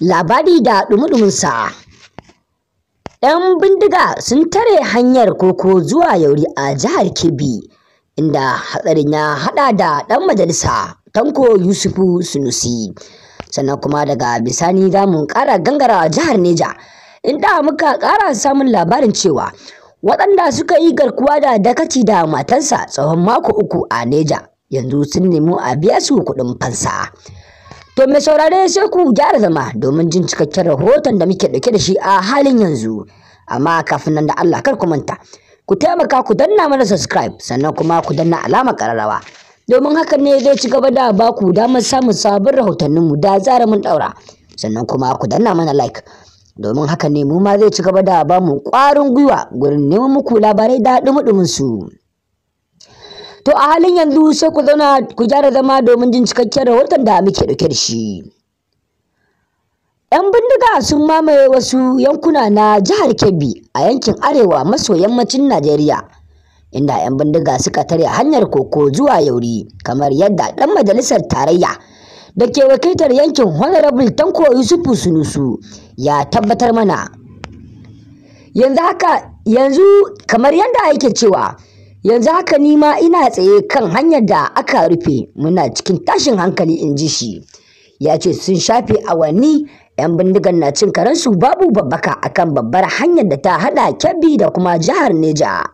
labari da dumudumunsa yan bindiga sun tare hanyar koko zuwa yauri a jihar kebbi inda hatsarin ya haɗa da ɗan majalisa tanko yusufu sunusi sannan kuma daga bisani za mu kara gangara a jihar neja inda muka ƙara samun labarin cewa waɗanda suka yi garkuwa da dakaci da matansa tsawon mako uku a neja yanzu sun nemi a biya su kuɗin fansa To mai saurare sai ku gyara zama domin jin cikakken rahoton da muke ɗauke da shi a halin yanzu. Amma kafin nan da Allah kar ku manta. Ku taimaka ku danna mana subscribe sannan kuma ku danna alamar ƙararrawa. Domin hakan ne zai ci gaba da ba ku damar samun sabon rahotanninmu da zara mun ɗaura. Sannan kuma ku danna mana like. Domin haka ne mu ma zai ci gaba da ba mu ƙwarin gwiwa gurin neman muku labarai da ɗumi su. To a halin yanzu sai ku zauna ku gyara zama domin jin cikakken rahoton da muke dauke da shi. 'Yan bindiga sun mamaye wasu yankuna na jihar Kebbi a yankin arewa maso yammacin Najeriya, inda 'yan bindiga suka tare hanyar koko zuwa yauri kamar yadda ɗan majalisar tarayya da ke wakiltar yankin Honorable Tanko Yusufu Sunusu ya tabbatar mana. Yanzu haka yanzu kamar yadda ake cewa yanzu haka ni ma ina tsaye kan hanyar da aka rufe muna cikin tashin hankali in ji shi ya ce sun shafe awanni 'yan bindigar na cin karensu babu babbaka akan babbar hanyar da ta hada kebbi da kuma jihar neja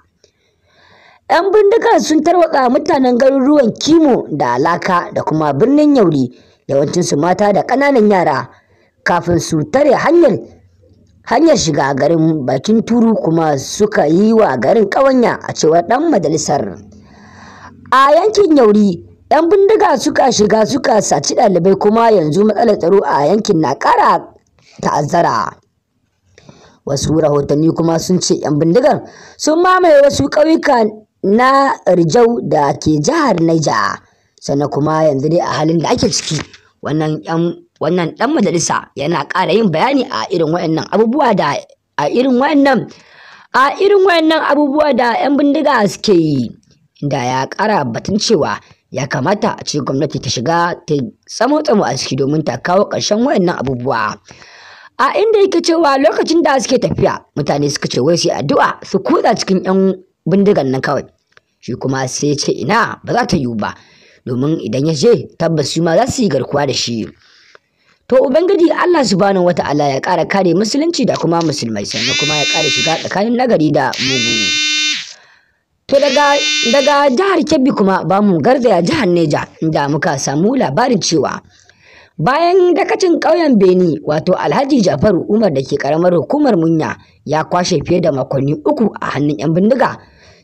'yan bindigan sun tarwaka mutanen garuruwan kimo da alaka da kuma birnin yauri yawancinsu mata da ƙananan yara kafin su tare hanyar hanyar shiga garin bakin turu kuma suka yi wa garin ƙawanya a cewar 'dan majalisar a yankin yauri 'yan bindiga suka shiga suka saci ɗalibai kuma yanzu matsalar tsaro a yankin na ta ta'azzara wasu rahotanni kuma sun ce 'yan bindigar sun mamaye wasu ƙauyuka na rijau da ke jihar naija sannan kuma yanzu ne a halin da ake ciki wannan 'yan wannan dan majalisa yana ƙara yin bayani a irin wayannan abubuwa da a irin wayannan a irin wayannan abubuwa da 'yan bindiga suke yi da ya ƙara batun cewa ya kamata a ce gwamnati ta shiga ta tsamo tsamo a ciki domin ta kawo ƙarshen wayannan abubuwa a inda yake cewa lokacin da suke tafiya mutane suka ce wai sai addu'a su kutsa cikin 'yan bindigan nan kawai shi kuma sai ce ina ba za ta yiwu ba domin idan ya je tabbas su ma za su yi garkuwa da shi to ubangiji Allah subhanahu wata'ala ya ƙara kare musulunci da kuma musulmai sannan kuma ya ƙara shiga tsakanin nagari da mugu to daga daga jihar Kebbi kuma ba mu garzaya jihar Neja inda muka samu labarin cewa bayan dakacin ƙauyen beni wato alhaji jafaru umar da ke ƙaramar hukumar munya ya kwashe fiye da makonni uku a hannun 'yan bindiga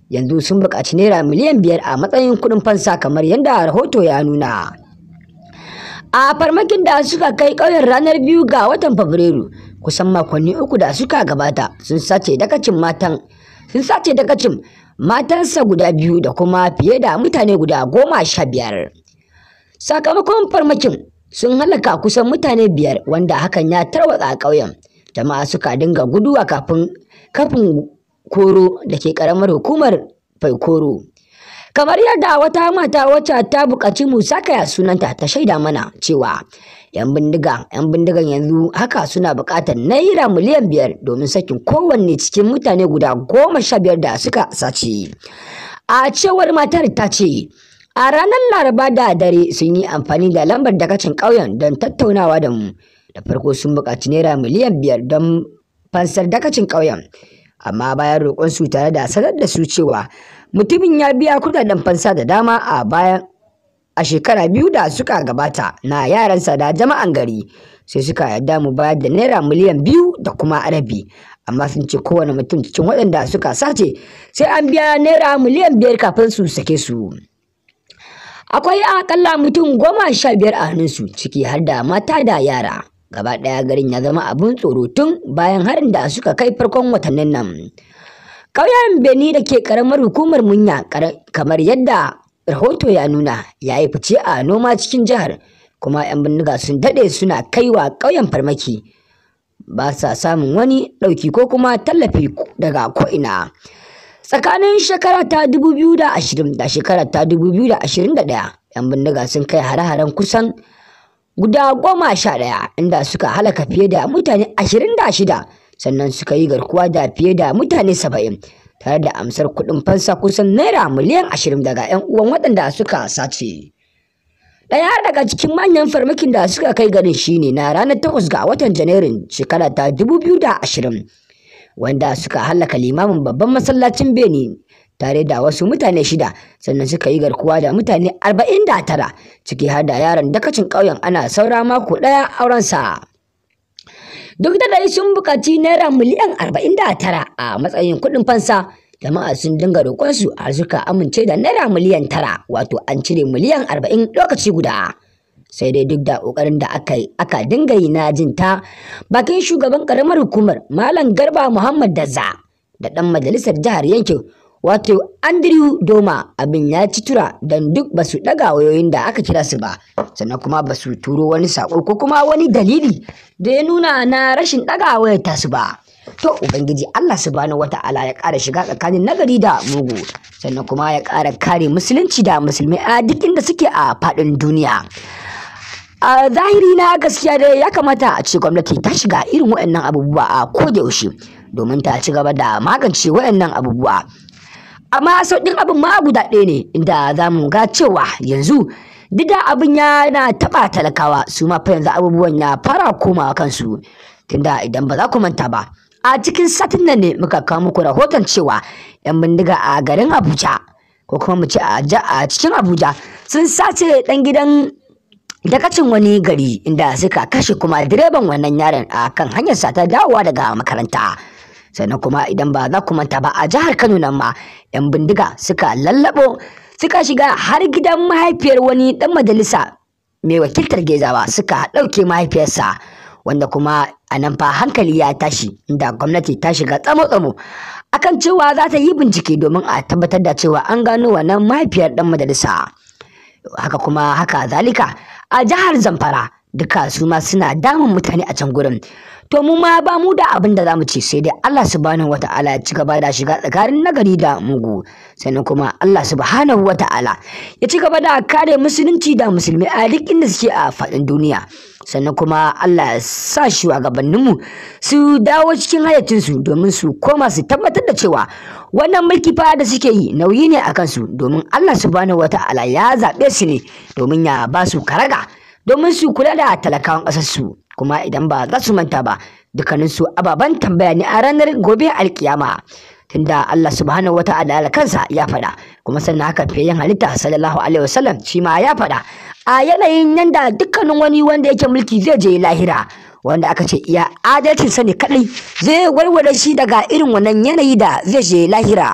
yanzu sun buƙaci naira miliyan biyar a matsayin kuɗin fansa kamar yadda rahoto ya nuna a farmakin da suka kai ƙauyen ranar biyu ga watan fabrairu kusan makonni uku da suka gabata sun sace dakacin matan sun sace dakacin matansa guda biyu da kuma fiye da mutane guda goma sha biyar sakamakon farmakin sun halaka kusan mutane biyar wanda hakan ya tarwatsa ƙauyen jama'a suka dinga guduwa kafin kafin koro da ke ƙaramar hukumar faikoro kamar yadda wata mata wacce ta buƙaci mu kaya sunanta ta shaida mana cewa yan bindiga yan bindigan yanzu haka suna buƙatar naira miliyan biyar domin sakin kowanne cikin mutane guda goma sha biyar da suka sace a cewar matar ta ce a ranar laraba da dare sun yi amfani da lambar dakacin ƙauyen don tattaunawa da mu da farko sun buƙaci naira miliyan biyar don fansar dakacin ƙauyen amma bayan roƙonsu tare da sanar da su cewa mutumin ya biya kudaden fansa da dama a bayan a shekara biyu da suka gabata na yaransa da jama'an gari sai suka yarda mu bayar da naira miliyan biyu da kuma arabi amma sun ce kowane mutum cikin waɗanda suka sace sai an biya naira miliyan biyar kafin su sake su akwai akalla mutum goma sha biyar a hannunsu ciki har da mata da yara gaba ɗaya garin ya zama abin tsoro tun bayan harin da suka kai farkon watannin nan ƙauyen beni da ke ƙaramar hukumar munya kamar yadda rahoto ya nuna ya yi fice a noma cikin jihar kuma 'yan bindiga sun daɗe suna kaiwa ƙauyen farmaki ba sa samun wani ɗauki ko kuma tallafi daga ko'ina tsakanin shekara ta 2020 da shekara ta 2021 'yan bindiga sun kai hare-haren kusan guda goma sha ɗaya inda suka halaka fiye da mutane 26. sannan suka yi garkuwa da fiye da mutane saba'in tare da amsar kuɗin fansa kusan naira miliyan ashirin daga 'yan uwan waɗanda suka sace. Ɗaya daga cikin manyan farmakin da suka kai garin shine na ranar takwas ga watan Janairun shekara ta dubu biyu da ashirin, wanda suka hallaka limamin babban masallacin Benin tare da wasu mutane shida sannan suka yi garkuwa da mutane arba'in da tara, ciki har da yaron dakacin ƙauyen ana saura mako ɗaya aurensa. duk da dai sun bukaci naira miliyan 49 a matsayin kuɗin fansa jama'a sun dinga roƙonsu a suka amince da naira miliyan 9 wato an cire miliyan 40 lokaci guda sai dai duk da ƙoƙarin da aka yi aka dinga yi na jinta bakin shugaban ƙaramar hukumar malam garba muhammad dazza da ɗan majalisar jihar yankin wato andrew doma abin ya ci tura don duk ba su daga wayoyin da aka kira su ba sannan kuma ba su turo wani sako ko kuma wani dalili da ya nuna na rashin ɗaga wayar su ba to ubangiji allah su bani Wata Ala ya ƙara shiga tsakanin nagari da mugu sannan kuma ya ƙara kare musulunci da musulmai a duk inda suke a faɗin duniya a zahiri na gaskiya dai ya kamata a ce gwamnati ta shiga irin waɗannan abubuwa a koda yaushe domin ta ci gaba da magance waɗannan abubuwa amma sauƙin abin ma guda ɗaya ne inda za mu ga cewa yanzu duk da abin yana taɓa talakawa su ma fa yanzu abubuwan ya fara komawa kansu tunda idan ba za ku manta ba a cikin satin nan ne muka kawo muku rahoton cewa 'yan bindiga a garin abuja ko kuma mu ce a cikin abuja sun sace ɗan gidan dakacin wani gari inda suka kashe kuma direban wannan yaron a kan hanyar ta dawowa daga makaranta. sannan kuma idan ba za ku manta ba a jihar kano nan ma 'yan bindiga suka lallabo suka shiga har gidan mahaifiyar wani ɗan majalisa mai wakiltar gezawa suka ɗauke mahaifiyarsa wanda kuma a nan fa hankali ya tashi inda gwamnati ta shiga tsamo-tsamo akan cewa za ta yi bincike domin a tabbatar da cewa an gano wannan mahaifiyar ɗan majalisa haka kuma haka zalika a jihar zamfara duka su ma suna damun mutane a can gurin to mu ma ba mu da abin da zamu ce sai dai Allah subhanahu wata'ala ya ci gaba da shiga tsakanin nagari da mugu sannan kuma Allah subhanahu wata'ala ya ci gaba da kare musulunci da musulmi a duk inda suke a faɗin duniya sannan kuma Allah ya sa shugabanninmu su dawo cikin hayyacinsu domin su koma su tabbatar da cewa wannan mulki fa da suke yi nauyi ne a kansu domin Allah subhanahu wata'ala ya zaɓe su ne domin ya ba su karaga domin su kula da talakawan ƙasarsu. kuma idan ba za su manta ba dukkaninsu ababan tambaya ne a ranar gobe alkiyama tunda Allah subhanahu wa ta'ala kansa ya faɗa kuma sannan haka fiye halitta sallallahu alaihi wasallam shi ma ya faɗa a yanayin nan da dukkanin wani wanda yake mulki zai je lahira wanda aka ce iya adalcin sa ne kadai zai warware shi daga irin wannan yanayi da zai je lahira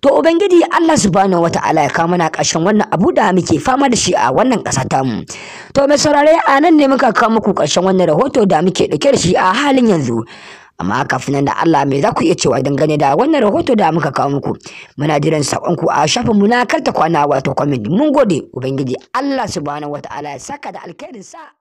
to ubangiji Allah subhanahu wataala ya kawo mana ƙarshen wannan abu da muke fama da shi a wannan ƙasa tamu to mai saurare a nan ne muka kawo muku ƙarshen wannan rahoto da muke ɗauke da shi a halin yanzu amma kafin nan da Allah mai za ku iya cewa dangane da wannan rahoto da muka kawo muku muna jiran sakonku a shafin mu na karta kwana wato comment mun gode ubangiji Allah subhanahu wataala ya saka da alkhairin sa